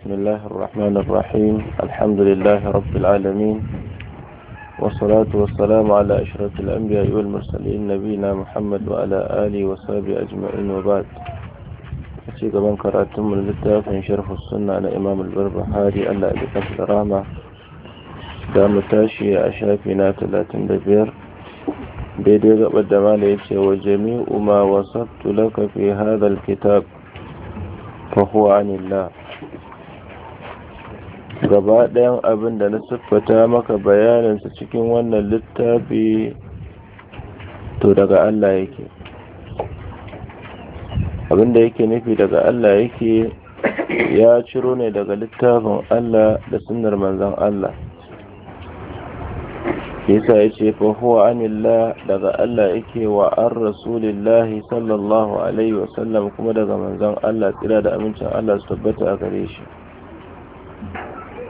بسم الله الرحمن الرحيم الحمد لله رب العالمين والصلاة والسلام على أشرف الأنبياء والمرسلين نبينا محمد وعلى آله وصحبه أجمعين وبعد ci gaban karatunmu littafin sharhu sunna na imam al-barbahari Allah ya kafa da rahama da mu tashi a shafi na 35 daidai gabar da mala yace wa jami'u ma wasattu laka kitab fa huwa gaba ɗayan abin da na siffata maka bayaninsa cikin wannan littafi to daga Allah yake abin da yake nufi daga Allah yake ya ciro ne daga littafin Allah da sunar manzan Allah yasa ya ce fahuwa anillah daga Allah yake wa an rasulillahi sallallahu alaihi wasallam kuma daga manzan Allah tsira da amincin Allah su tabbata a gare shi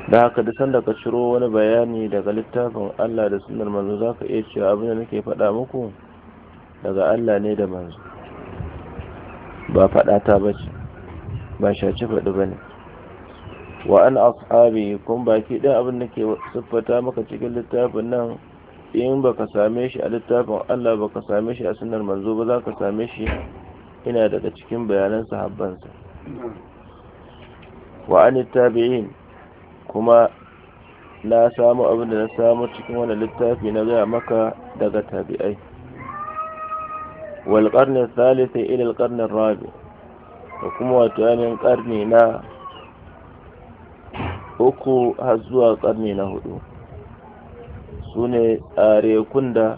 da haka duk sanda ka ciro wani bayani daga littafin Allah da sunnar manzo za ka iya cewa abin da nake faɗa muku daga Allah ne da manzo ba faɗa ta ba ce ba shaci faɗi ba ne wa an ashabi kun baki ɗin abin da ke siffata maka cikin littafin nan in ka same shi a littafin Allah ba ka same shi a sunnar manzo ba za ka same shi ina daga cikin bayanan sahabbansa wa an tabi'in kuma na samu abin da na samu cikin wani littafi na gaya maka daga tabi'ai wal qarni thalith ila al qarni rabi kuma wato yanin ƙarni na uku har zuwa ƙarni na hudu su ne tsarekun da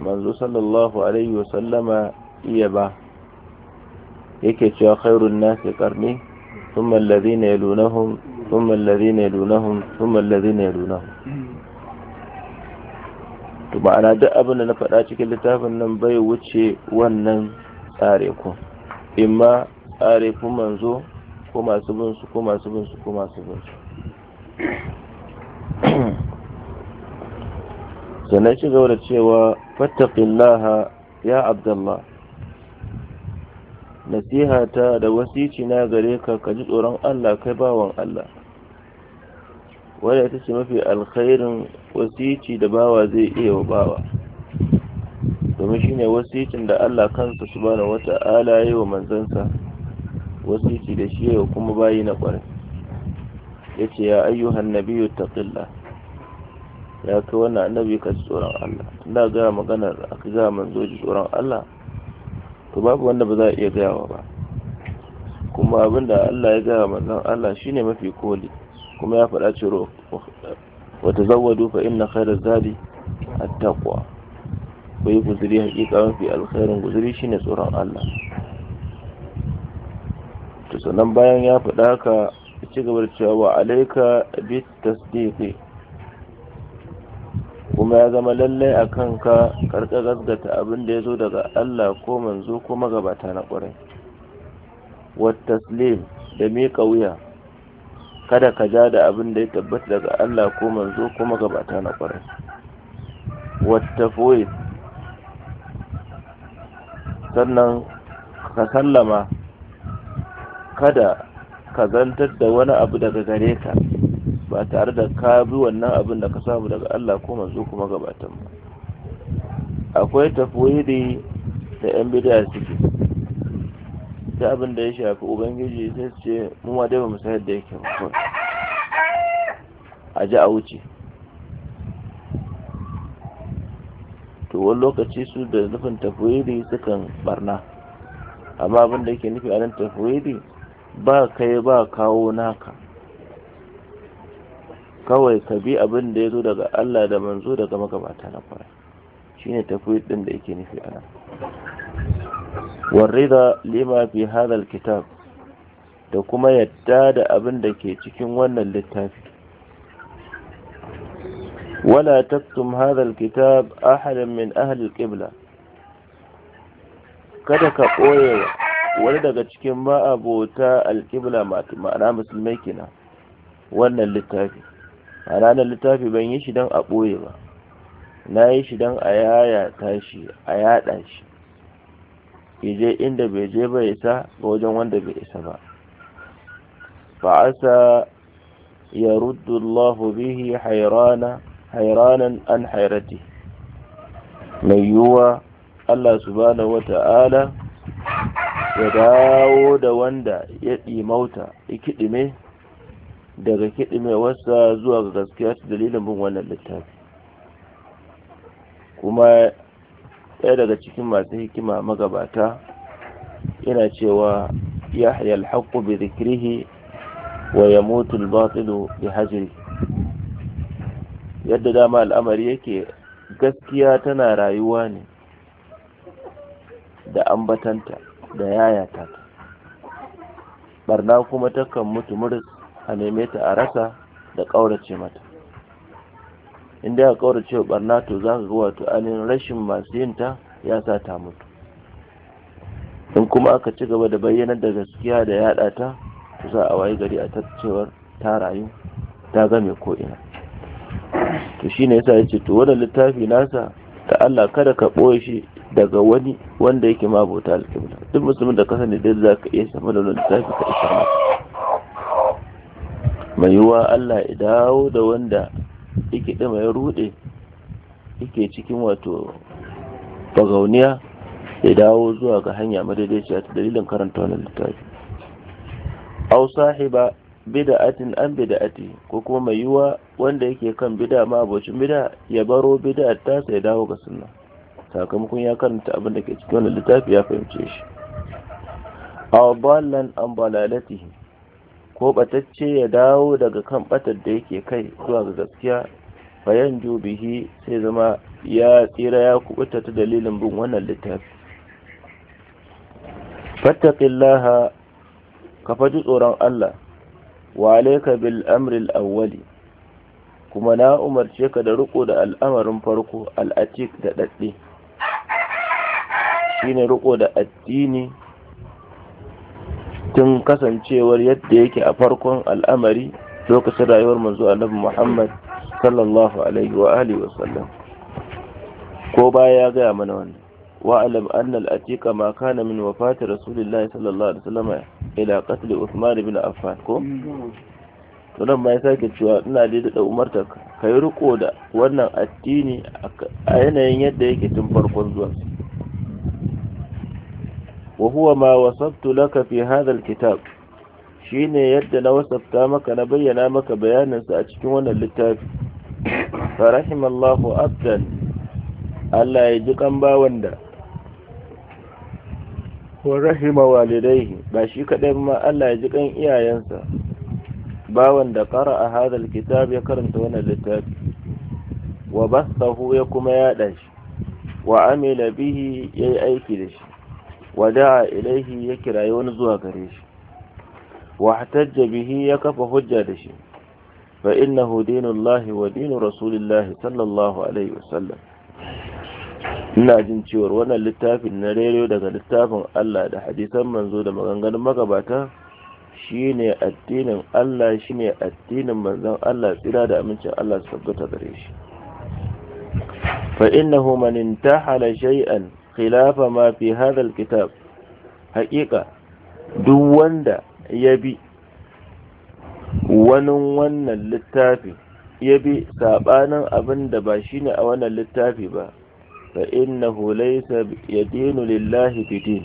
manzo sallallahu alaihi wasallama iya ba yake cewa khairun nasi karni ثم الذين يلونهم ثم الذين يلونهم ثم الذين يلونهم to ma'ana duk abin da na faɗa cikin littafin nan bai wuce wannan tsare ku imma tsare ku manzo ko masu bin su ko masu bin su ko masu bin su sannan ci gaba da cewa fattaqillaha ya nasiha nasihata da na gare ka ka ji tsoron Allah kai bawan Allah wadda ita ce mafi alkhairin wasici da bawa zai iya wa bawa domin shi ne wasicin da Allah kansa su bane wata ala yi wa manzansa wasici da shi yau kuma bayi na ƙwarai ya ce ya ayyuhan ta taqilla ya kai wannan annabi ka ci tsoron Allah da gaya maganar aka ga manzo ji tsoron Allah to babu wanda ba za a iya gayawa ba kuma abin da Allah ya gaya manzon Allah shine mafi koli kuma ya faɗa ciro wa tazawwadu fa inna khairaz zari a taqwa ku yi guzuri hakika mafi alkhairin guzuri shine tsoron Allah to sannan bayan ya faɗa ka ci gabar cewa wa alaika bit tasdiqi kuma ya zama lallai a kanka karka gasgata abin da ya zo daga Allah ko manzo ko magabata na ƙwarai wa taslim da miƙa wuya kada ka ja da abin da ya tabbata daga Allah ko manzo ko magabata na kwarai wattafoyi sannan ka sallama kada ka zantar da wani abu daga gare ka ba tare da ka bi wannan abin da ka samu daga Allah ko manzo ko magabatan ba akwai tafoyi da 'yan bidiyar ciki. da abin da ya shafi ubangiji sai ce mu ma dai ba mu san da yake ba a ji a wuce to wani lokaci su da nufin su sukan barna amma abin da yake nufi a nan tafwidi ba kai ba kawo naka kawai ka bi abin da ya zo daga Allah da manzo daga magabata na kwarai shine tafwid din da yake nufi a nan والرضا لما في هذا kitab da kuma yadda da abin da ke cikin wannan littafi wala taktum hadal kitab ahadan min ahlil qibla kada ka ɓoye wani daga cikin ma'abota alƙibla ma'ana musulmai kenan wannan littafi a ranar littafi ban yi shi dan a ɓoye ba na yi shi don a yaya tashi a yaɗa shi ya je inda bai je ba isa ga wajen wanda bai isa ba fa'asa ya ruddu Allah bihi hayrana hairanan an hayrati mai yiwuwa Allah subhanahu wata'ala ya dawo da wanda ya yi ya kiɗime daga wasa zuwa ga gaskiya su dalilin bin wannan littafi kuma ɗaya daga cikin masu hikima magabata yana cewa yahya alhaqqu bi zikirihi wa mutu albatilu bi hajri yadda dama al'amari yake gaskiya tana rayuwa ne da ambatanta da yayata barna kuma takan mutu muris a neme ta a rasa da ƙaurace mata inda ya kawar cewa barna to za ka ga wato ainihin rashin masu yin ta ya sa ta mutu in kuma aka ci gaba da bayyanar da gaskiya da yaɗa ta to za a wayi gari a tattacewar ta rayu ta game ko ina to shine yasa ce to wani littafi nasa ta Allah kada ka ɓoye shi daga wani wanda yake mabota alƙibla duk musulmin da ka da za ka iya samu da wani littafi ka isa mai yiwuwa Allah ya dawo da wanda yake ɗima ya ruɗe yake cikin wato fagauniya ya dawo zuwa ga hanya madaidaiciya ta dalilin karanta wannan littafi aw sahiba bid'atin an bid'ati ko kuma mai yiwa wanda yake kan bid'a ma abocin bid'a ya baro bid'a ta sai dawo ga sunna sakamakon ya karanta abin da ke cikin wannan littafi ya fahimce shi aw ballan an balalatihi ko batacce ya dawo daga kan batar da yake kai zuwa ga gaskiya bayan jubihi sai zama ya tsira ya kubuta ta dalilin bin wannan littafi fattaqillaha ka faji tsoron Allah wa alayka bil amri awwali kuma na umarce ka da riko da al'amarin farko al'atik da dadde shine riko da addini tun kasancewar yadda yake a farkon al'amari lokacin rayuwar manzo annabi Muhammad sallallahu alaihi wa alihi wa sallam ko baya ya gaya mana wannan wa alam anna al-atiqa ma kana min wafati rasulillah sallallahu alaihi wa wasallam ila qatl Uthman ibn Affan ko to nan ma ya sake cewa ina da da ta, kai riko da wannan addini a yanayin yadda yake tun farkon zuwa wa huwa ma wasabtu laka fi hadha alkitab shine yadda na wasabta maka na bayyana maka sa a cikin wannan littafi farahimallahu abdan Allah ya ji kan bawan da wa rahima walidaihi ba shi kadai ma Allah ya ji kan iyayensa bawan da qara'a hadha alkitab ya karanta wannan littafi wa basahu ya kuma ya shi wa amila bihi yayi aiki da shi wada'a ilaihi ya kirayi wani zuwa gare shi wa hatajja bihi ya kafa hujja da shi fa innahu dinullahi wa dinu rasulillahi sallallahu alaihi wasallam ina jin cewa wannan littafin na rediyo daga littafin Allah da hadisan manzo da maganganun magabata shine addinin Allah shine addinin manzon Allah tsira da amincin Allah su tabbata gare shi fa innahu man intahala shay'an khilafa ma fi hadal kitab haƙiƙa duk wanda ya bi wani wannan littafi ya bi saɓanin abinda ba shi ne a wannan littafi ba fa innahu laysa yadinu lillahi bidin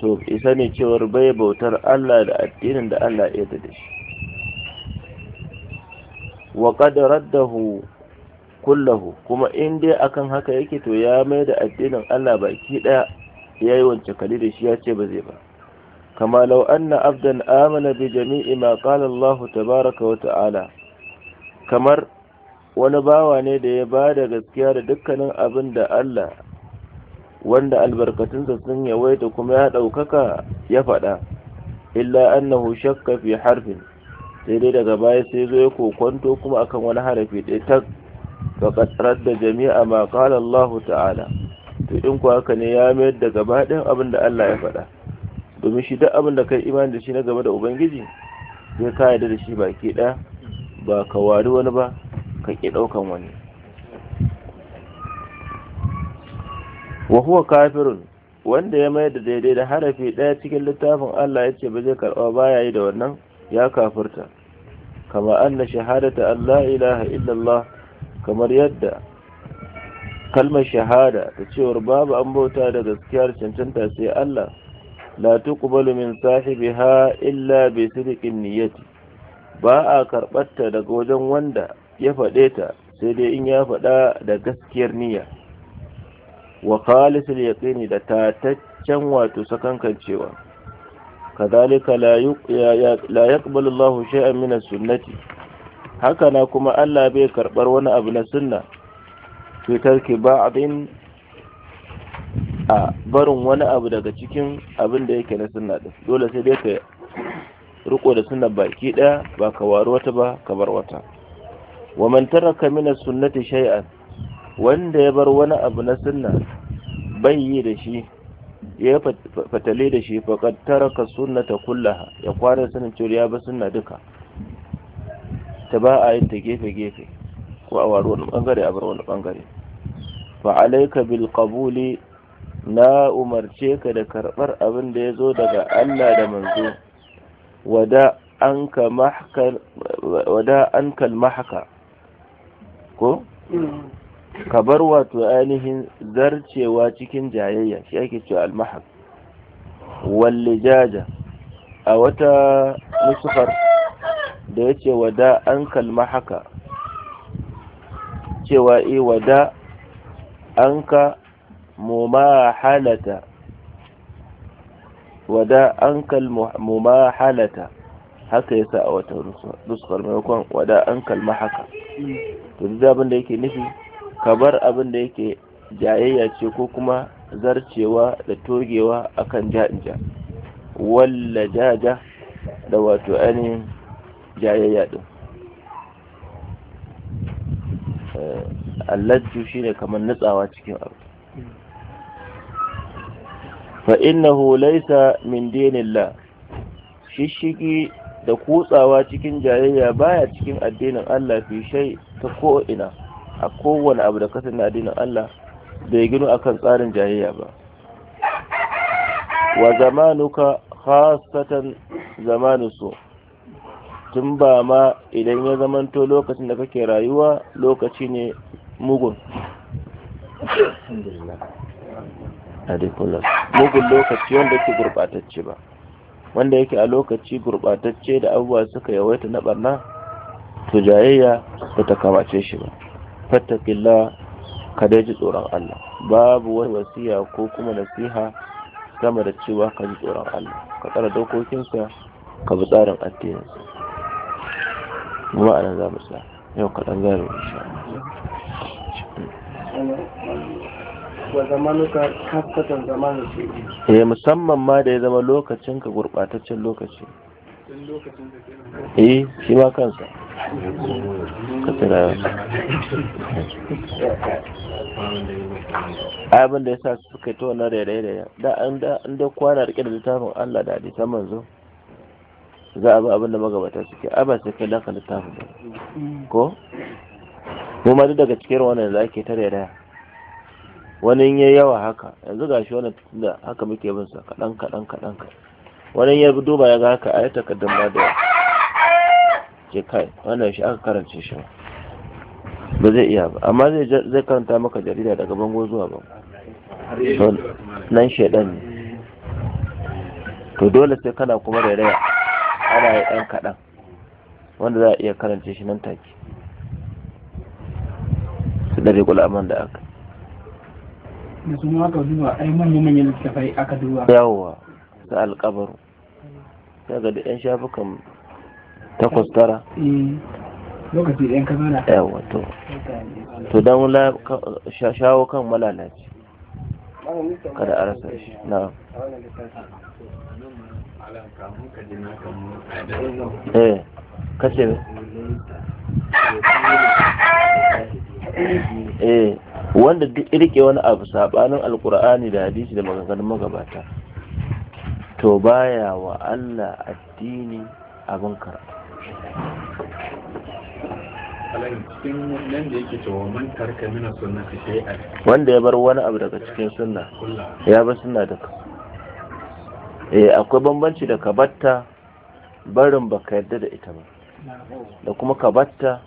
to isa ne cewar bai bautar Allah da addinin da Allah ya da shi wa qad raddahu kullahu kuma in dai akan haka yake to ya mai da addinin Allah baki daya ya yi wance kali da shi ya ce ba zai ba kama lau anna abdan amana bi jami'i ma qala Allah tabaraka wa ta'ala kamar wani bawa ne da ya ba da gaskiya da dukkanin abin da Allah wanda albarkatunsa sun yawaita kuma ya daukaka ya faɗa illa annahu shakka fi harfin sai dai daga baya sai zo ya kokonto kuma akan wani harafi ɗaya tak faqad da jami'a ma qala Allah ta'ala to in ku haka ne ya mayar da gaba ɗin abin da Allah ya faɗa domin shi duk abin da kai imani da shi na game da ubangiji sai ka yarda da shi baki ɗaya ba ka wari wani ba ka ƙi ɗaukan wani wa kafirun wanda ya mayar da daidai da harafi ɗaya cikin littafin Allah ya ce ba zai karɓa baya yi da wannan ya kafurta. kama anna shahadata Allah ilaha illallah kamar yadda kalmar shahada ta cewa babu an bauta da gaskiyar cancanta sai Allah la tuqbalu min sahibiha illa bi sidqin niyyati ba a karɓarta daga wajen wanda ya faɗe ta sai dai in ya faɗa da gaskiyar niyya wa al yaqini da tataccen wato sakankancewa kadhalika la yaqbalu Allahu shay'an min as-sunnati haka na kuma Allah bai karbar wani abu na sunna cutar ki a barin wani abu daga cikin abin da yake na sunna ɗin dole sai dai ka riko da sunna baki daya ba ka wari wata ba ka bar wata wa man taraka min sunnati shay'an wanda ya bar wani abu na sunna bai yi da shi ya fatale da shi faqad taraka sunnata kullaha ya kwana sunan cewa ya ba sunna duka ta ba a yin ta gefe-gefe ko a wari wani bangare a bar wani bangare fa alaika bil qabuli na umarce ka da karbar abin da ya zo daga Allah da manzo wada anka ka mahka wada anka kal mahka ko ka bar wato ainihin zarcewa cikin jayayya shi ake cewa al mahak wal lijaja a wata nusufar da ya ce wada an kalma haka cewa e wada an ka mumahalata wada an kalma haka ya sa a wata ruskar maimakon wada an kalma haka to duk abin da yake nufi ka bar abin da yake jayayya ce ko kuma zarcewa da togewa akan ja'inja walla jaja da wato ainihin jayayya din eh, allajju shine kamar nutsawa cikin abu fa innahu laysa min dinillah shishigi da kutsawa cikin jayayya baya cikin addinin Allah fi shay ta ko ina a kowane abu da na addinin Allah bai gino akan tsarin jayayya ba wa zamanuka khasatan zamanu su tun ba ma idan ya zamanto lokacin da kake rayuwa lokaci ne mugun mugun lokaci wanda yake gurbatacce ba wanda yake a lokaci gurɓatacce da abubuwa suka yawaita na barna su jayayya ba ta kamace shi ba fattakilla ka dai ji tsoron Allah babu wani wasiya ko kuma nasiha sama da cewa ka ji tsoron Allah ka tsara dokokinsa ka bi tsarin addininsa kuma a nan za mu sa yau kaɗan za mu sha eh musamman ma da ya zama lokacin ka gurɓataccen lokaci eh shi ma kansa ka tsira abin da ya sa suka yi ta wannan rairaye da an da kwana rike da littafin Allah da hadisan manzo za a bi abin da magabata suke ai ba sai kai naka littafin ba ko mu ma duk daga cikin wannan da ake tare da wani ya yawa haka yanzu gashi wannan da haka muke bin sa kadan kadan kadan wani ya duba ya ga haka ai takaddan ba da ke kai wannan shi aka karance shi ba zai iya ba amma zai karanta maka jarida daga bango zuwa ba. nan shaidan ne to dole sai kana kuma rairaya ana yi ɗan kaɗan wanda za a iya karance shi nan take su ɗare gulaman da aka da kuma aka duba ai manyan manyan littafai aka duba yawwa su alƙabaru ga da 'yan shafukan takwas tara eh, lokaci ɗan kamala yawwa to to don shawo kan malalaci kada a rasa shi na eh eh wanda duk rike wani abu sabanin alkur'ani da hadisi da maganganun magabata to baya wa Allah addini abin karatu wanda ya bar wani abu daga cikin sunna ya bar sunna duka eh akwai bambanci da ka batta barin baka yarda da ita ba da kuma ka batta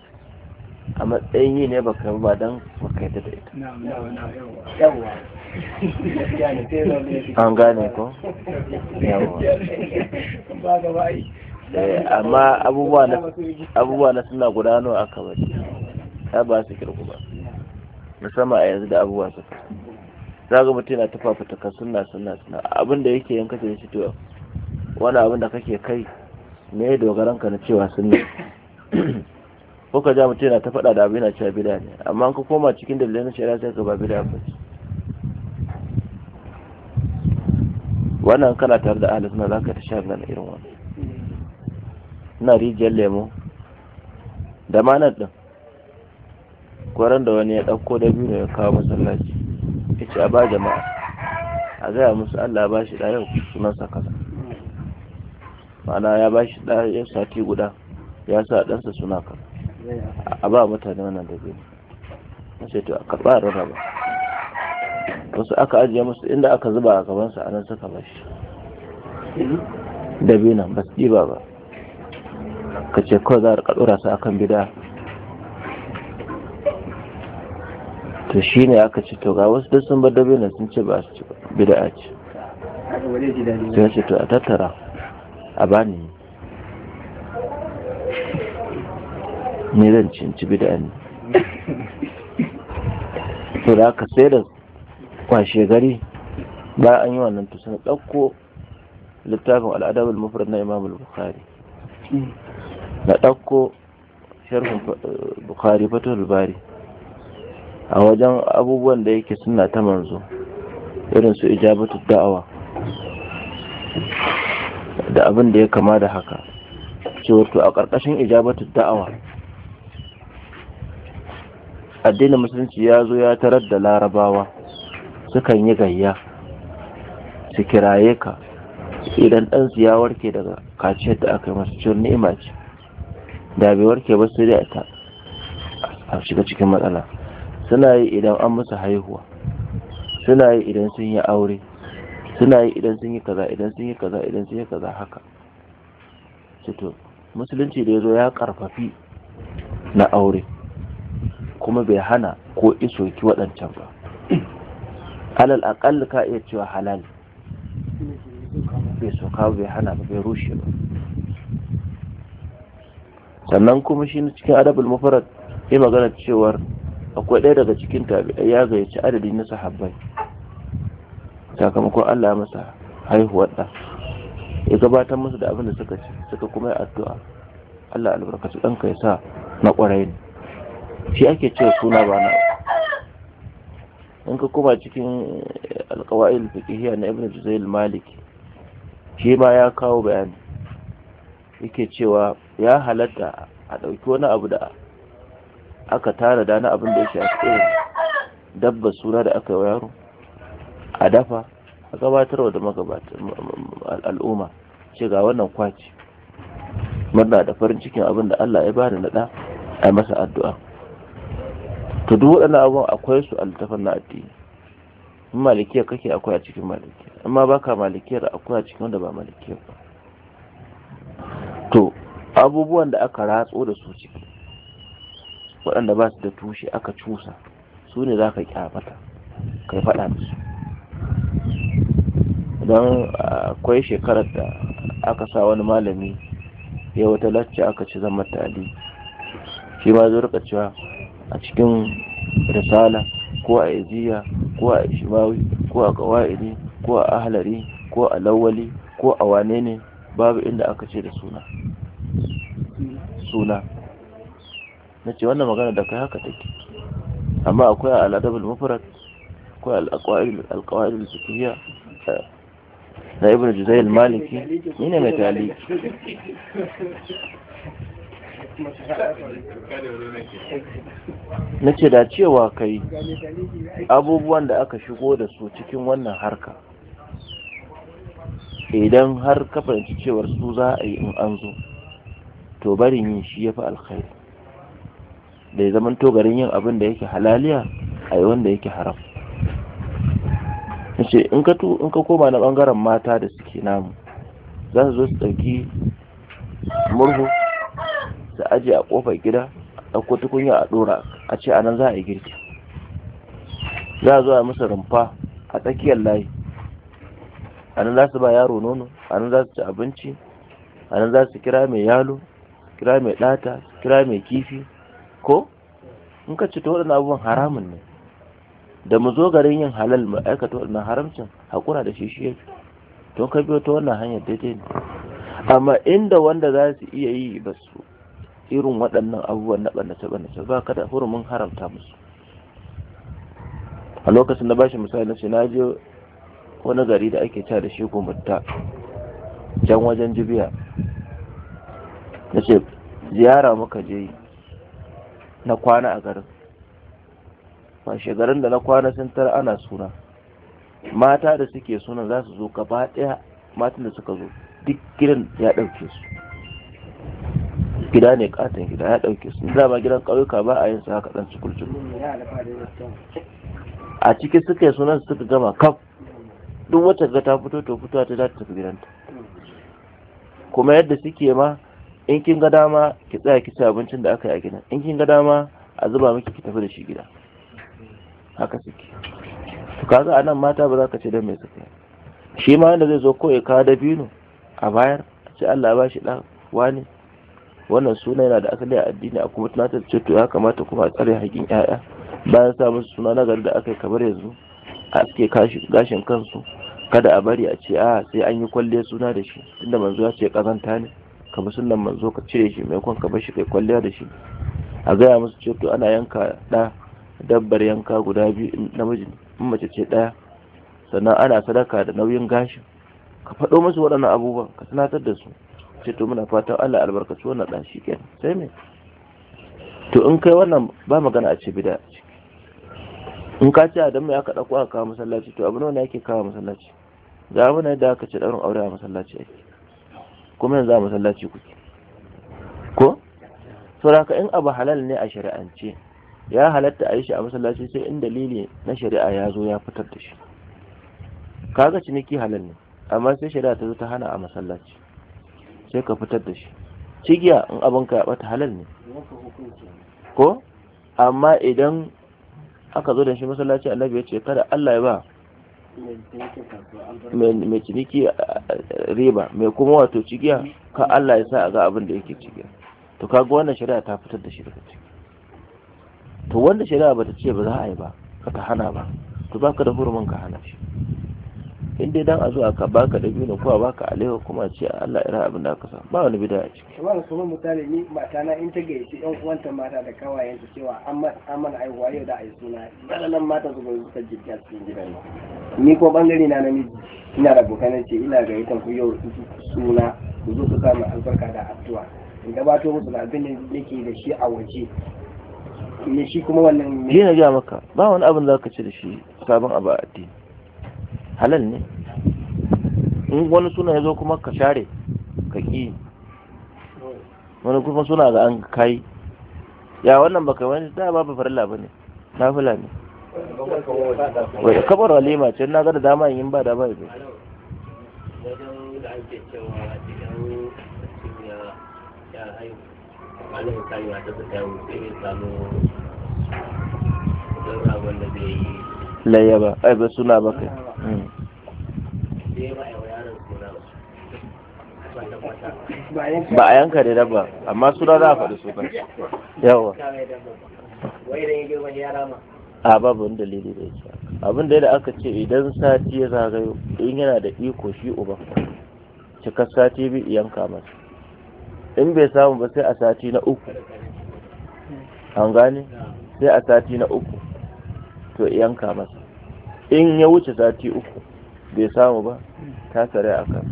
a matsayin yi ne baka ba don baka yarda da ita an gane ko eh, amma abubuwa na suna gudanowa a kabari ta ba su kirku ba musamman a yanzu da abubuwa suka za ga mutum yana fita, ka suna suna suna abin da yake yanka ce shi to wani abin da kake kai ne, dogaran ka na cewa suna ko ka ja mutum yana ta faɗa da abin yana cewa bida ne amma ka koma cikin dalilai na shari'a sai ka ba bida ba ce wannan kana tare da ahli suna zaka ta shagala na irin wani ina rijiyar lemo da manar ɗin. kwaran da wani ya ɗauko da biyu ya kawo masallaci ya ce a ba jama'a a gaya musu Allah ba shi ɗaya sunan sunansa kaza ma'ana ya ba shi ɗaya sati guda ya sa ɗansa suna kaza a ba mutane wannan da zai na sai to a karɓa rarraba wasu aka ajiye musu inda aka zuba a gabansa a nan suka bashi dabinan ba su ɗiba ba ka ce kawai za a ɗora su akan bida to shi ne aka ce to ga wasu duk sun bar na sun ce ba su ci da ce sai ce to a tattara a bani ne zan ci ci bida'a ne to da aka sai da kwashe gari ba an yi wannan to sun ɗauko littafin al'adabul mufrad na imam al bukhari na ɗauko sharhin bukhari fatul bari a wajen abubuwan da yake suna ta manzo irin su ijabatu da'awa da abin da ya kama da haka ce wato a ƙarƙashin ijabatu da'awa addinin musulunci ya zo ya tarar da larabawa sukan yi gayya su kiraye ka idan ɗansu ya warke daga kaciyar da aka yi masu ciwon ni'ima ce da bai warke ba sai dai a shiga cikin matsala suna yi idan an musu haihuwa suna yi idan sun yi aure suna yi idan sun yi kaza idan sun yi kaza idan sun yi kaza haka cito musulunci da ya zo ya karfafi na aure kuma bai hana ko ki waɗancan ba alal aƙalli ka iya cewa halal bai soka bai hana ba bai rushe ba sannan kuma shi cikin adabul mufarad ya magana cewar akwai ɗaya daga cikin tabi'ai ya gayyaci adadi na sahabbai sakamakon Allah ya masa haihuwar ɗa ya gabatar musu da abin da suka ci suka kuma yi addu'a Allah albarkaci ɗanka ya sa na ƙwarai ne shi ake ce suna ba na in ka kuma cikin alƙawa'il fiqhiyya na Ibn Juzayl Maliki shi ma ya kawo bayani yake cewa ya halatta a ɗauki wani abu da aka tara dana na abin da ya shafi dabba suna da aka yi yaro a dafa a gabatarwa da al'umma ce ga wannan kwaci murna da farin cikin abin da Allah ya bani naɗa a masa addu'a to duk waɗannan abubuwan akwai su a littafin na addini in malikiya kake akwai a cikin malikiya amma baka malikiyar akwai a cikin wanda ba malikiyar ba to abubuwan da aka ratso da su ciki waɗanda ba su da tushe aka cusa su ne za ka kyamata ka yi faɗa su don akwai shekarar da aka sa wani malami ya wata lacce aka ci zama tali shi ma zai rika cewa a cikin risala ko a iziya ko a ishimawi ko a kawa'idi ko a ahalari ko a lawali ko a wane ne babu inda aka ce da suna na ce wannan magana da kai haka take amma akwai al mufrad akwai al alqawaid al-fiqhiyya eh, na ibn juzay al-maliki ni ne mai taliki na ce da cewa kai abubuwan da aka shigo da su cikin wannan harka idan har ka fahimci cewar su za a yi in an zo to barin yin shi ya fi alkhairi da ya zaman to garin yin abin da yake halaliya a yi wanda yake haram ce in ka in ka koma na bangaren mata da suke namu za su zo su ɗauki murhu su aje a kofar gida ko tukunya a ɗora a ce anan za a yi girki za a zo a masa rumfa a tsakiyar layi anan za su ba yaro nono anan za su ci abinci anan za su kira mai yalo kira mai ɗata kira mai kifi ko in ka ci waɗannan abubuwan haramun ne da mu zo garin yin halal mu aikata waɗannan haramcin haƙura da shi shi to ka biyo ta wannan hanyar daidai ne amma inda wanda za su iya yi ba su irin waɗannan abubuwan na ɓannace ɓannace ba ka da hurumin haramta musu a lokacin da bashi misali na sinajiyo na wani gari da ake ta da shi gumutta can wajen jibiya na ce ziyara muka je yi na kwana a garin ba garin da na kwana sun tara ana suna mata da suke suna za su zo gaba daya matan da suka zo duk gidan ya ɗauke su gida ne katon gida ya ɗauke su za ba gidan kauyuka ba a yin su haka ɗan cikulcin a ciki suka yi sunan suka gama kaf duk wata ga ta fito to fito ta za ta tafi gidanta kuma yadda suke ma in kin ga dama ki tsaya ki ci abincin da aka yi a gida, in kin ga dama a zuba miki ki tafi da shi gida haka suke to kaga anan mata ba za ka ce dan mai suke shi ma wanda zai zo ko ya kawo dabino a bayar sai Allah ya bashi dan wani wannan suna yana da asali a addini a kuma tunatar ce to ya kamata kuma a tsare haƙin ƴaƴa bayan sa musu suna na gari da aka yi kamar yanzu a suke gashin kansu kada a bari a ce a sai an yi kwalle suna da shi tunda manzo ya ce kazanta ne ka bi sunan manzo ka cire shi kwan ka bar shi kai kwalliya da shi a gaya musu ce to ana yanka ɗa dabbar yanka guda biyu namiji in mace ce ɗaya sannan ana sadaka da nauyin gashin ka faɗo musu waɗannan abubuwan ka tunatar da su ce to muna fatan Allah albarkaci wannan ɗan shi kenan sai me to in kai wannan ba magana a ce bida in ka ce adam ya ka ɗauko aka kawo masallaci to abu ne yake kawo masallaci ga abin da aka ce ɗaurin aure a masallaci ake kuma yanzu a masallaci kuke ko sauraka in abu halal ne a shari'ance ya halatta a yi shi a masallaci sai in dalili na shari'a ya zo ya fitar da shi kaga ciniki halal ne amma sai shari'a ta zo ta hana a masallaci sai ka fitar da shi cigiya in abin ka bata halal ne ko amma idan aka zo da shi masallaci annabi ya ce kada Allah ya ba mai ciniki riba mai kuma wato cigiya ka Allah ya sa a ga abin da yake cigiya to kaga wannan shari'a ta fitar da shi daga ciki to wanda shari'a bata ce ba za a yi ba ka ta hana ba to baka da hurumin ka hana shi in dai dan a zo aka baka da biyu ko a baka alewa kuma ce Allah ira abin da aka sa ba wani bid'a a ciki kuma su mun misali ni mata na in ta ɗan yan uwanta mata da kawayen ta cewa an mana aiwa yau da ai suna nan mata su ba su ta jidda cikin gidan ni ko bangare na namiji ina da abokan ce ina ga ita ku yau suna ku zo ku samu albarka da addu'a in gabato musu da abin da yake da shi a waje ne shi kuma wannan ne na ga maka ba wani abin da zaka ci da shi sabon abu a addini halal ne in wani suna ya zo kuma ka share ka ƙi wani kuma suna ga an kai ya wannan baka wani da ba ba farilla bane nafila ne wai kabar walima ce na ga da dama yin ba da ba ne layaba ai ba suna ba kai Hmm. ba a yanka da dabba amma suna za a faɗi su ba. yawa a babu wani dalili da yake abin da aka ce idan sati ya zagayo in yana da iko shi uba cikar sati bi yanka masa in bai samu ba sai a sati na uku an gane sai a sati na uku to yanka masa in ya wuce sati uku bai samu ba ta tsare a kan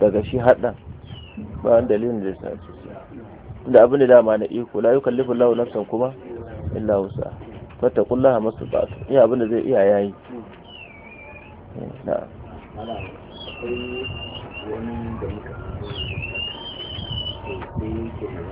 daga shi hada ba wani dalilin da ya da abin da dama na iko la yukallifu lahu nafsan kuma illa wusa ba su iya abin da zai iya yayi na'am wani da muka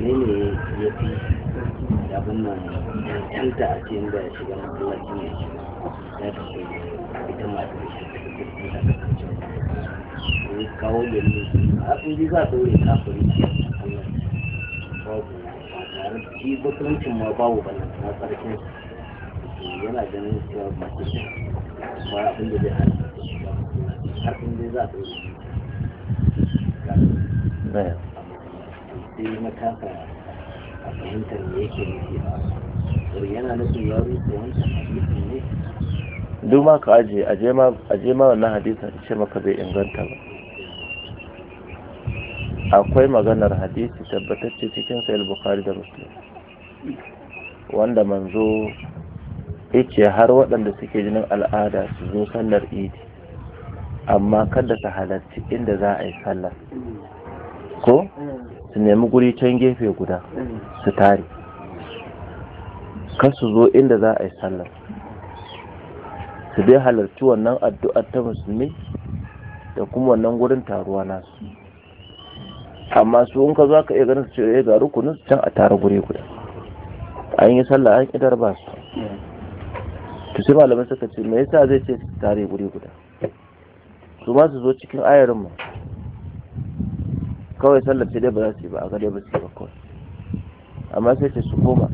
mene ne ya fi abin nan yanta a cikin da shiga masallaci ne ya fi so ita masu shi kawo da ne a tsinji za a ɗaure kafin babu a tare da shi bakulancin ma babu ba na tsarkin yana ganin cewa masu shi ba abin da zai hana har kun dai za a ɗaure sai na a fahimtar me yake nufi ba yana nufin ya rufe wancan hadisin ne duk ma ka aje a je aje ma wannan hadisin ce maka bai inganta ba akwai maganar hadisi tabbatacce cikin sahih Bukari da muslim wanda manzo ce har waɗanda suke jinin al'ada su zo sallar idi amma kada ta halarci inda za a yi sallar ko mm. su nemi guri can gefe guda su tare kar su zo inda za a yi sallar su dai halarci wannan addu'ar ta musulmi da kuma wannan gurin taruwa nasu amma su in ka zo ka iya ganin su ce ga rukunin su can a tare guri guda an yi sallah an ƙidar ba su to sai malamai suka ce me yasa zai ce su tare guri guda su ma su zo cikin ayarin mu kawai sallar sai dai ba za su yi ba a gare ba su yi ba kawai amma sai ce su koma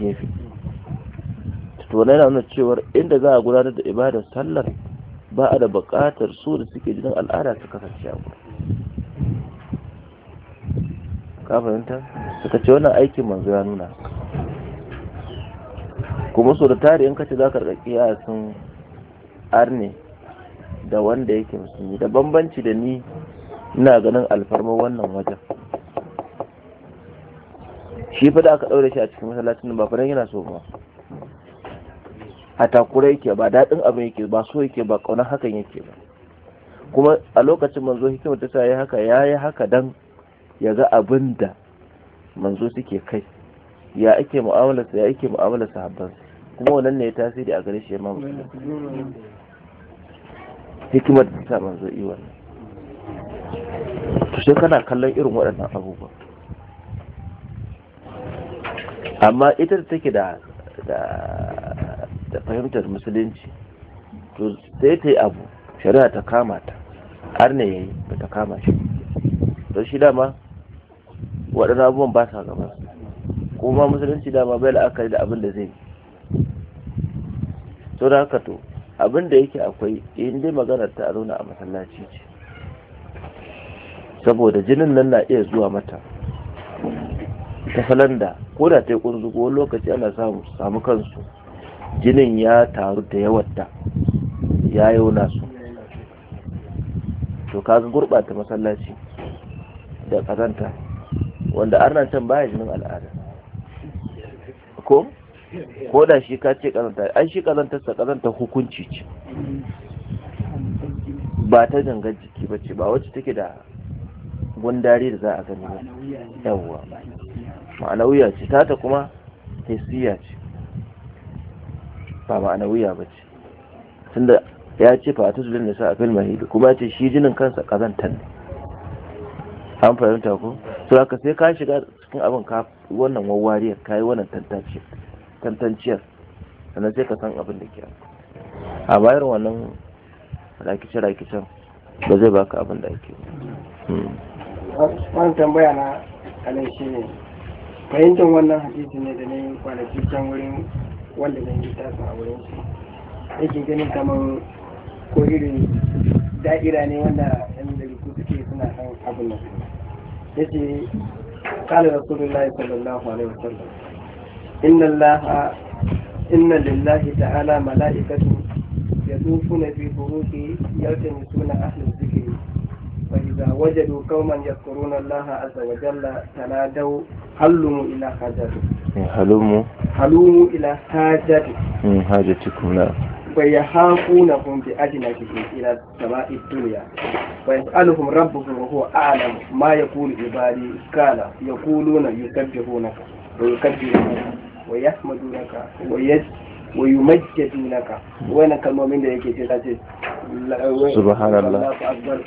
gefe to na yana nuna cewar inda za a gudanar da ibada sallar ba a da buƙatar su da suke jinin al'ada su kasance a gurin ka fahimta suka ce wannan aikin manzo ya nuna kuma so da tari in kace za ka a sun arne da wanda yake musulmi da bambanci da ni ina ganin alfarma wannan wajen shi fa da aka ɗaure shi a cikin masallacin ba fa yana so ba a takura yake ba daɗin abin yake ba so yake ba ƙaunar hakan yake ba kuma a lokacin manzo hikimar ta yi haka ya yi haka dan ya ga abin da manzo suke kai ya ake mu'amalarsa ya ake mu'amalarsa habbansa kuma wannan ne ya tasiri a gare shi ya mamu hikimar ta sa manzo iwa to sai kana kallon irin waɗannan abubuwa amma ita da take da da fahimtar musulunci to sai ta yi abu shari'a ta kama ta har ne ya yi ba ta kama shi don shi dama waɗannan abubuwan ba sa gaba kuma musulunci dama bai la'akari da abin da zai yi to da haka to abin da yake akwai in dai maganar ta a zauna a masallaci ce saboda jinin nan na iya zuwa mata ta falanda ko da ta yi kunzugo ko lokaci ana samu samu kansu jinin ya taru da yawarta ya yauna su to kaga gurɓata masallaci da kazanta, wanda arnan can baya jinin al'ada ko ko da shi ka ce kazanta, an shi ta kazanta hukunci ce ba ta gangar jiki ba ce ba wacce take da gundari da za a gani ba yawwa ma'anawiya ce tata kuma hissiya ce ba ma'anawiya ba ce tunda ya ce fa tuzulin da sa a filma hidu kuma ya ce shi jinin kansa kazantar ne an fahimta ko su haka sai ka shiga cikin abin ka wannan wawwariyar ka yi wannan tantanciyar sannan sai ka san abin da ke a bayar wannan rakice-rakicen ba zai baka abin da ake wani tambaya a nan shi ne fahimtar wannan hadisi ne da ne kwanaki can wurin wanda zan yi tasa a wurin shi yake ganin kamar ko irin da'ira ne wanda yan da ku suke suna kan abin nan ya ce kala da kudin layi alaihi wa sallam. wutar da inna lillahi ta'ala mala'ikatu ya tsufu na bi buruki yau ta nisu na ahlin zikiri فإذا وجدوا قوما يذكرون الله عز وجل تنادوا هلموا إلى حاجتكم هلموا هلموا إلى حاجتكم حاجتكم لا ويخافونهم بأجنبهم إلى سماء الدنيا ويسألهم ربهم وهو أعلم ما يقول عبادي قال يقولون يسبحونك ويكبرونك ويحمدونك ويمجدونك وين كلمة من ذلك subhanallah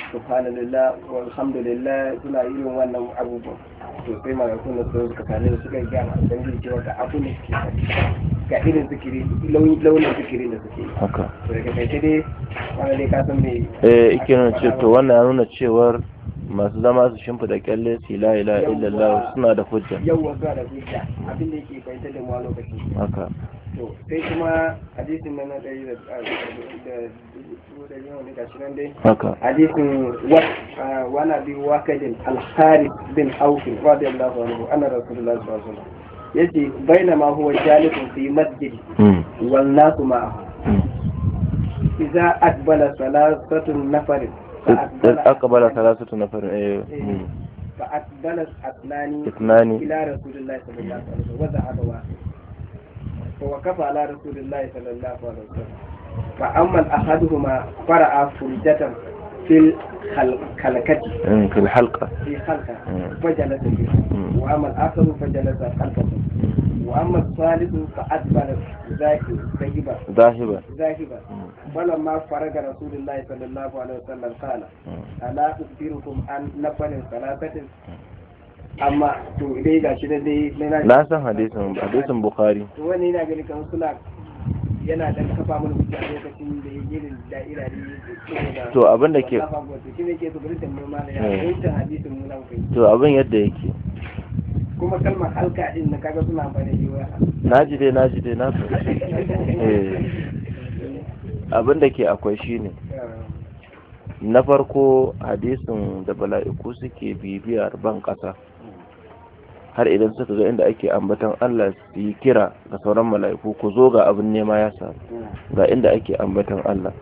subhanallah walhamdulillah suna irin wannan abubuwa to sai ma yakun da su ka kane su kai gama dan jin cewa da abu ne ga irin zikiri launin zikiri da suke haka to daga kai dai wannan ne ka san me eh ce to wannan ya nuna cewar masu zama su shimfida kyalle su la ilaha illallah suna da hujja yawa ga da hujja abin da yake fahimtar da mu lokaci haka to sai kuma hadisin nan da yi da nan haka hadisin wana bi wakadin al-harith bin auf radiyallahu anhu anna rasulullah sallallahu alaihi wasallam yace bainama huwa jalisun fi masjid hmm. wal nasu ma'ahu hmm. idza aqbala salatun nafarin أقبل ثلاثة نفر إيه فأقبل اثنان اثنان إلى رسول الله صلى الله عليه وسلم وذهب واحد فوقف على رسول الله صلى الله عليه وسلم فأما أحدهما قرأ فرجة في الحلقة في الحلقة في الحلقة فجلس فيها وأما الآخر فجلس خلفه وأما الثالث فأدبر ذاهبا ذاهبا ذاهبا فلما فرغ رسول الله صلى الله عليه وسلم قال ألا أخبركم an نفر ثلاثة hmm. amma to dai ga shi dai na san hadisin hadisin bukhari wani yana gani kan suna yana da kafa mana hujja lokacin da ya girin da'ira ne to abin da ke eh. to abin yadda yake kuma kalmar halka din na kaga suna amfani da yawa naji dai naji dai na eh. abin da ke akwai shine na farko hadisin da bala'iku suke bibiyar ban kasa har idan suka zo inda ake ambatan Allah su yi kira ga sauran mala'iku ku zo ga abin nema ya samu ga inda ake ambatan Allah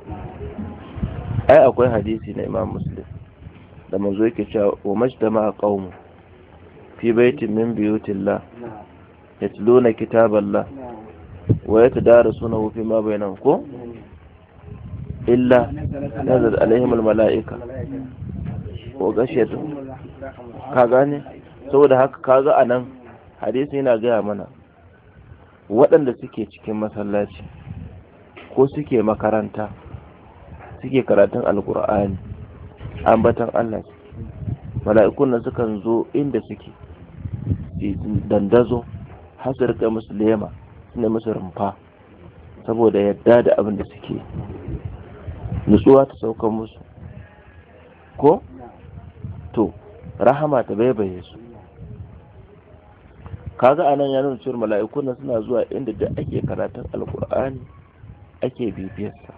ai akwai hadisi na Imam Muslim da manzo yake cewa wa majtama qaumun fi baitin min buyutillah yatluna kitaballah wa yatadarusuna fi ma bainahum ko illa nazar alaihim almalaika wa gashiyatu ka gane saboda haka kaga anan hadisi yana gaya mana waɗanda suke cikin masallaci ko suke makaranta suke karatun alkur'ani ambatan Allah mala'ikun nan sukan zo inda suke dandazo har su rika musu lema ne musu rumfa saboda yadda da abin da suke nutsuwa ta sauka musu ko to rahama ta baibaye su kaga anan ya nuna cewar suna zuwa inda da ake karatun alkur'ani ake bibiyarsa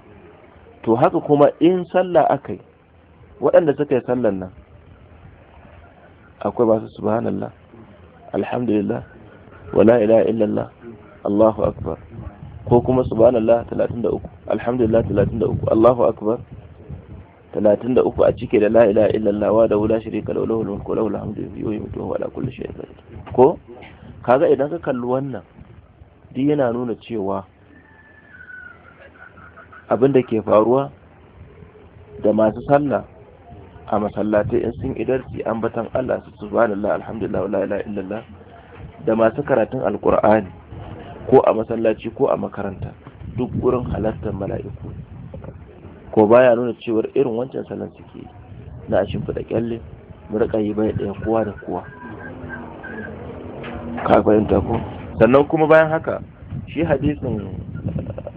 to haka kuma in sallah aka yi waɗanda suka yi sallan nan akwai masu subhanallah alhamdulillah wala ilaha illallah Allahu akbar ko kuma subhanallah 33 alhamdulillah 33 Allahu akbar 33 a cike da la ilaha illallah wa da wala sharika lahu lahul mulku lahul hamdu yuhyi wa yumiitu wa ala kulli shay'in qadir ko kaga idan ka kalli wannan duk yana nuna cewa abinda ke faruwa da masu sallah a masallatai in sun idar ambatan Allah su subhanallah alhamdulillah wala ilaha illallah da masu karatun alkur'ani ko a masallaci ko a makaranta duk gurin halartar mala'iku ko baya nuna cewar irin wancan salon suke na a shimfiɗa kyalle mu riƙa yi bai ɗaya kowa da kowa ka fahimta ko sannan kuma bayan haka shi hadisin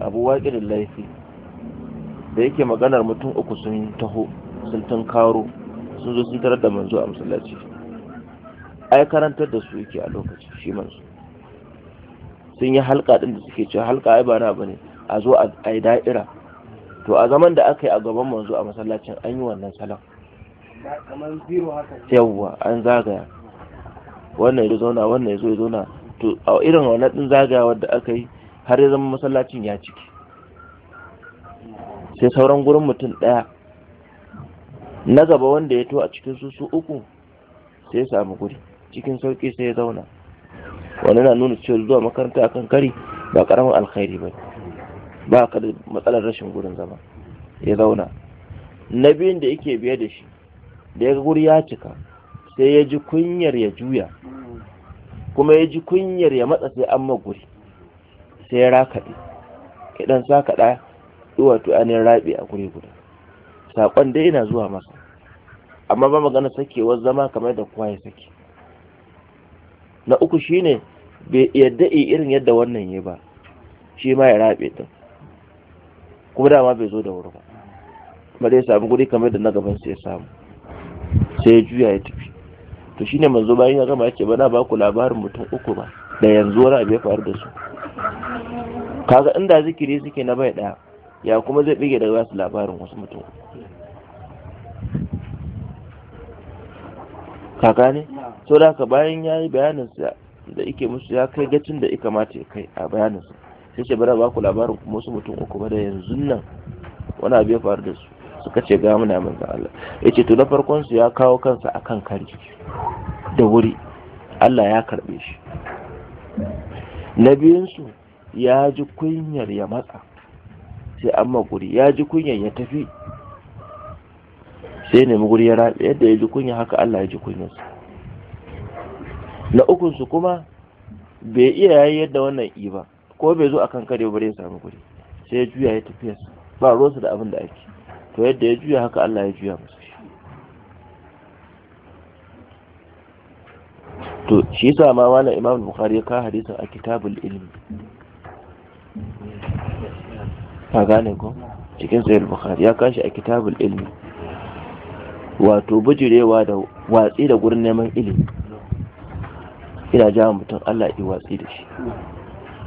abu waƙirin laifi da yake maganar mutum uku sun taho sun tunkaro sun zo sun tarar da manzo a masallaci ai karantar da su yake a lokaci shi manzo sun yi halka din da suke cewa halka ai ba na bane a zo a yi da'ira to a zaman da aka yi a gaban manzo a masallacin an yi wannan salam yawwa an zagaya wannan ya zauna wannan ya zo ya zauna to a irin wannan din zagayawar da aka yi har ya zama masallacin ya ciki sai sauran gurin mutum ɗaya na gaba wanda ya to a cikin su su uku sai ya samu guri cikin sauƙi sai ya zauna wani na nuna cewa zuwa makaranta kan kari ba ƙaramin alkhairi ba ba ka da matsalar rashin gurin zama ya zauna na biyun da yake biya da shi da ya guri ya cika sai ya ji kunyar ya juya kuma ya ji kunyar ya matsa sai an maguri sai ya rakaɗe kiɗan sa kaɗa wato ne raɓe a guri guda saƙon dai yana zuwa masa amma ba magana sakewar zama kamar da kowa ya sake na uku shine bai yadda irin yadda wannan ya ba shi ma ya rabe ta kuma dama bai zo da wuri ba ba zai samu guri kamar da na gaban sai ya samu sai ya juya ya tafi to shine manzo bayan ya gama yake bana ba ku labarin mutum uku ba da yanzu wani abu ya faru da su kaga inda zikiri suke na bai daya ya kuma zai bige da wasu labarin wasu mutum kaka ne so da haka bayan ya yi bayaninsa da ike musu ya kai gacin da ika mata ya kai a bayaninsa sai ce bara ba ku labarin kuma wasu mutum uku ba da yanzu nan wani abu ya faru da su suka ce ga muna manzan Allah ya ce to na farkon su ya kawo kansa akan kari da wuri Allah ya karbe shi na biyun su ya ji kunyar ya matsa sai an maguri ya ji kunyan ya tafi sai nemi guri ya rabe yadda ya ji kunya haka Allah ya ji kunyansa na ukunsu kuma bai iya yayi yadda wannan i ba ko bai zo akan kare bare ya samu guri sai ya juya ya tafi ba ruwansa da abin da ake to yadda ya juya haka Allah ya juya masa to shi yasa ma malam Imam Bukhari ya ka hadisin a kitabul ilmi ka gane ko cikin sayar bukhari ya kashi a kitabul ilmi wato bujirewa da watsi da gurin neman ilimi ina ja mutum allah yi watsi da shi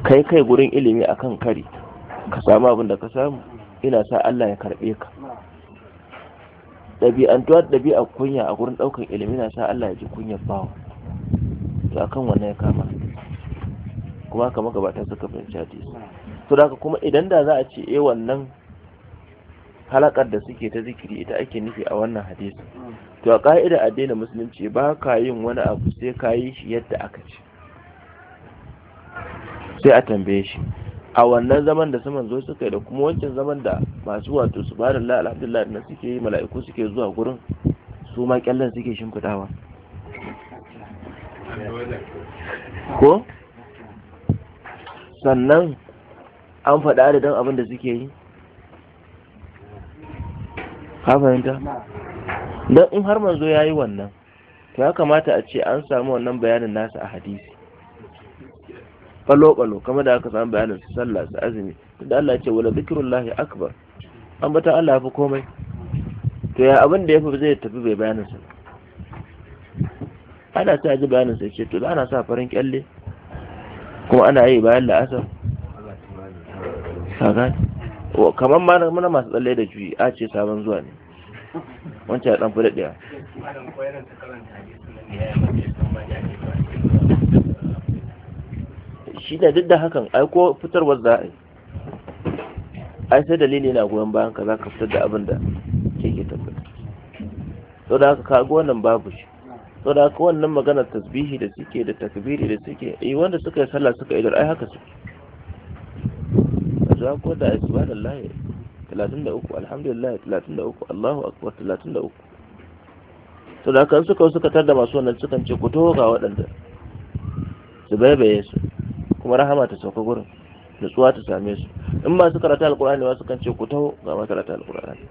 kai kai gurin ilimi akan kari ka samu abin da ka samu ina sa allah ya karbe ka ɗabi'antuwa ɗabi'a kunya a gurin ɗaukar ilimi na sa allah ya ji kunyar bawa to akan wannan ya kama kuma kama gabata suka fahimci hadisi to da kuma idan da za a ce eh wannan halakar da suke ta zikiri ita ake nufi a wannan hadisi to a ka'ida addinin musulunci ba ka yin wani abu sai ka yi shi yadda aka ce sai a tambaye shi a wannan zaman da saman zo suka da kuma wancan zaman da masu wato su ba da alhamdulillah na suke yi mala'iku suke zuwa gurin su ma kyallan suke shimfidawa ko sannan an faɗa adadin abin da suke yi ka fahimta don in har manzo ya yi wannan to ya kamata a ce an samu wannan bayanin nasa a hadisi balo-balo kama da aka samu bayanin su sallah su azumi da Allah ce wala zikirullahi akbar an bata Allah fi komai to ya abin da ya fi zai tafi bai bayanin sa ana ta ji bayanin sa ce to ana sa farin kyalle kuma ana yi bayan la'asar kamar ma na masu tsalle da juyi a ce sabon zuwa ne wancan ya dan fi daɗewa shi ne duk da hakan ai ko fitarwar za a yi ai sai dalili na goyon bayan ka za ka fitar da abin da ke ke tabbata sau da haka kago wannan babu shi sau da haka wannan maganar tasbihi da suke da takbiri da suke yi eh, wanda suka yi sallah suka idar ai haka suke za ko da subhanallah 33 alhamdulillah 33 Allahu akbar 33 to da kan suka suka tar da masu wannan sukan ce ku toga ga waɗanda su baibaye su kuma rahama ta sauka gurin nutsuwa ta same su in ba su karata alkur'ani su kan ce ku taho ga makarata alkur'ani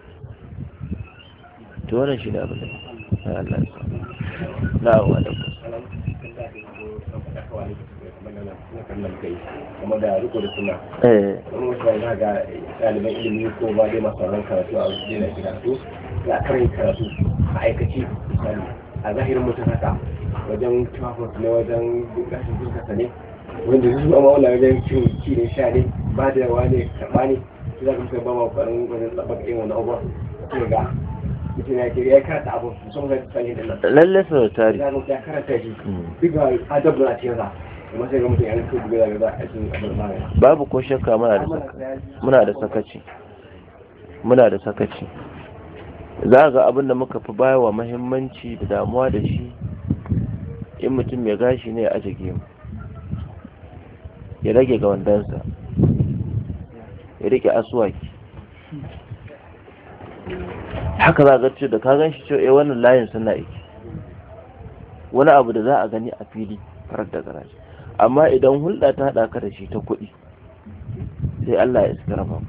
to wannan shi ne abin da Allah ya sa na'am wa alaikum kuma da riko da eh. wani ga ɗaliban ilimi ko ba dai masu karatu a karatu a aikace a zahirin wajen wajen gashin wajen cin ci ne sha ne ba da yawa ne karɓa ne su zaka suka ba ƙwarin wajen tsabar wani abuwa su ga mutum ya kira ya karanta abu sanye da nan lalle su da tari ya karanta shi mm. duk ga babu ko shakka muna da sakaci muna da sakaci za ga abin da muka fi bayawa mahimmanci da damuwa da shi in mutum ya gashi ne a jage mu ya rage ga wandansa ya rike asuwaki haka za ga ce da ka gan shi ce eh, wannan layin suna iki wani abu da za a gani a fili farar da garaje amma idan hulɗa ta haɗa ka da shi ta kuɗi sai Allah ya ba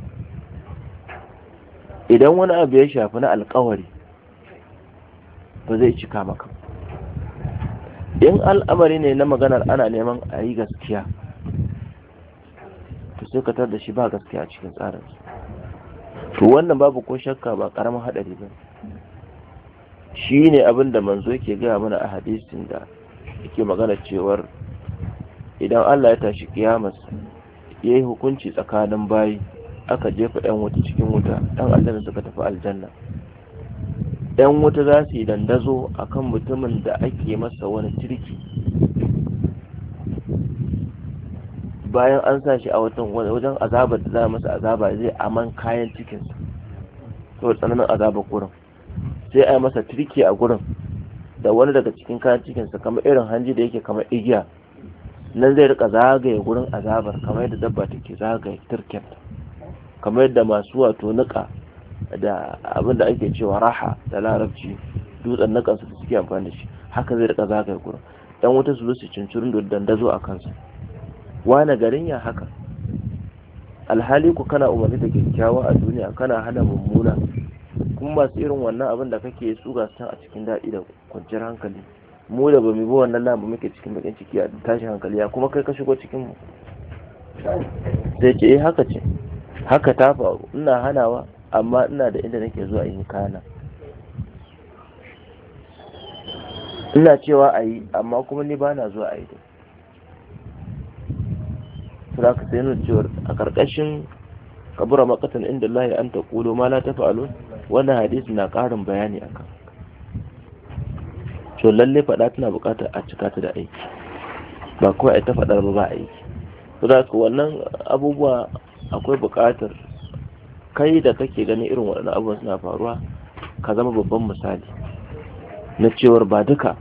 idan wani abu ya shafi na alkawari ba zai cika maka in al'amari ne na maganar ana neman a yi gaskiya to sai ka da shi ba gaskiya a cikin tsarin to wannan babu ko shakka ba karamin haɗari ba shi ne abin da manzo ke gaya mana a hadisin da ke magana cewar idan Allah ya tashi kiyamas ya yi hukunci tsakanin bayi aka jefa ɗan wuta cikin wuta ɗan aljanna suka tafi aljanna ɗan wuta za su yi dandazo a kan mutumin da ake masa wani turki bayan an sa shi a watan wajen azabar da za a masa azaba zai aman kayan cikin to tsananin azabar gurin sai a yi masa tirki a gurin da wani daga cikin kayan cikinsa kamar irin hanji da yake kamar igiya nan zai rika zagaye gurin azabar kamar yadda dabba take zagaye turkin kamar yadda masu wato niƙa da abin da ake cewa raha da larabci dutsen niƙan su suke amfani da shi haka zai rika zagaye gurin yan wata su su cincirin da dandazo a kansu wane garin ya haka alhali ku kana umarni da kyakkyawa a duniya kana hana mummuna kuma masu irin wannan abin da kake su ga a cikin daɗi da kwanciyar hankali mu da ba mu bi wannan ba muke cikin bakin ciki a tashin hankali ya kuma kai ka shigo cikin mu sai ke eh haka ce haka ta faru ina hanawa amma ina da inda nake zuwa in kana ina cewa a yi amma kuma ni ba na zuwa a yi da ka a karkashin kabura makatan inda Allah an ta kulo ma la ta wannan hadisi na karin bayani akan to lalle faɗa tana buƙatar a cika ta da aiki ba kawai ai ta faɗar ba ba aiki to da wannan abubuwa akwai buƙatar kai da kake ganin irin waɗannan abubuwan suna faruwa ka zama babban misali na cewar ba duka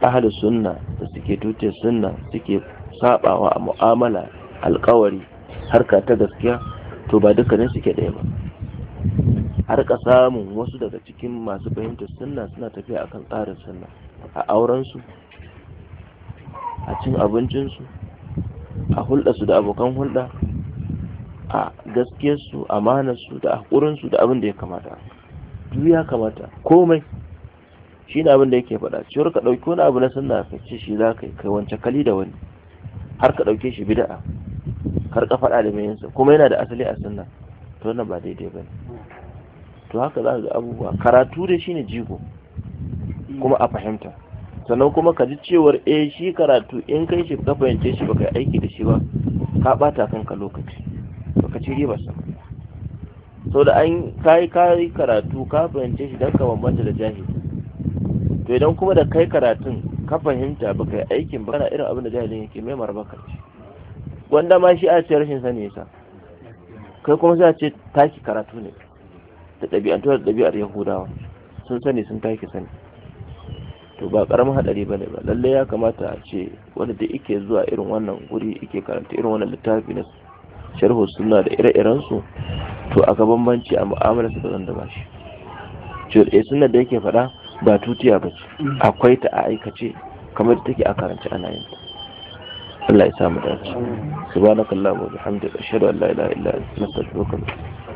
ahalus sunna da suke tuce sunna suke sabawa a mu'amala alkawari harka ta gaskiya to ba duka ne suke ɗaya ba har ka samun wasu daga cikin masu fahimtar sunna suna tafiya akan tsarin sunna a aurensu a cin abincinsu a hulɗarsu da abokan hulɗa a gaskiyarsu amanarsu da haƙurinsu da abin da ya kamata duk ya kamata komai shi ne abin da yake faɗa cewar ka ɗauki wani abu na sunna ka ce shi za ka kai wance kali da wani har ka ɗauke shi bida'a har ka faɗa da mayinsa kuma yana da asali a sunna to wannan ba daidai ba ne to haka za ka ga abubuwa karatu da shi ne jigo kuma a fahimta sannan kuma ka ji cewar e shi karatu in kai shi ka fahimce shi baka aiki da shi ba ka bata kanka lokaci baka ci riba sa so da an kai kai karatu ka fahimce shi dan ka bambanta da jahili to idan kuma da kai karatun ka fahimta baka yi aikin ba kana irin abin da jahilin yake mai marbaka wanda ma shi a ce rashin sani yasa kai kuma za a ce taki karatu ne da ɗabi'antuwar ɗabi'ar yahudawa sun sani sun taki sani to ba karamin hadari bane ba lalle ya kamata a ce wanda da yake zuwa irin wannan guri yake karanta irin wannan littafi na sharhu sunna da ire-iren su to aka bambanci a mu'amalar da zan da shi. to eh sunna da yake faɗa ba tutiya ba ce akwai ta a aikace kamar da take a karanta ana yin ta Allah ya samu dace subhanakallahu wa bihamdika ashhadu an la ilaha illa anta astaghfiruka wa atubu